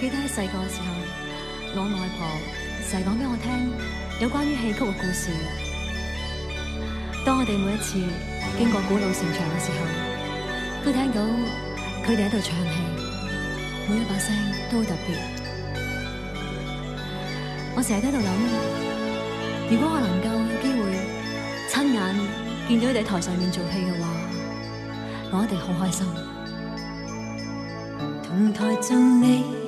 記得喺細個時候，我的外婆成日講俾我聽有關於戲曲嘅故事。當我哋每一次經過古老城牆嘅時候，都聽到佢哋喺度唱戲，每一把聲都特別。我成日喺度諗，如果我能夠有機會親眼見到佢哋喺台上面做戲嘅話，我哋好開心。同台做你。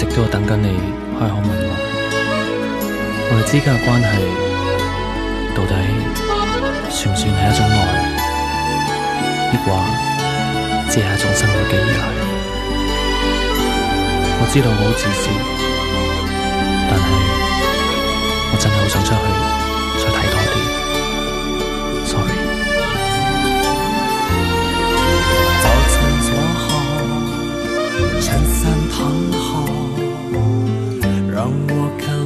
一直都等緊你開口問我，我哋之間嘅關係到底算唔算係一種愛？抑或，只係一種生活嘅依賴。我知道我好自私，但係我真係好想出去。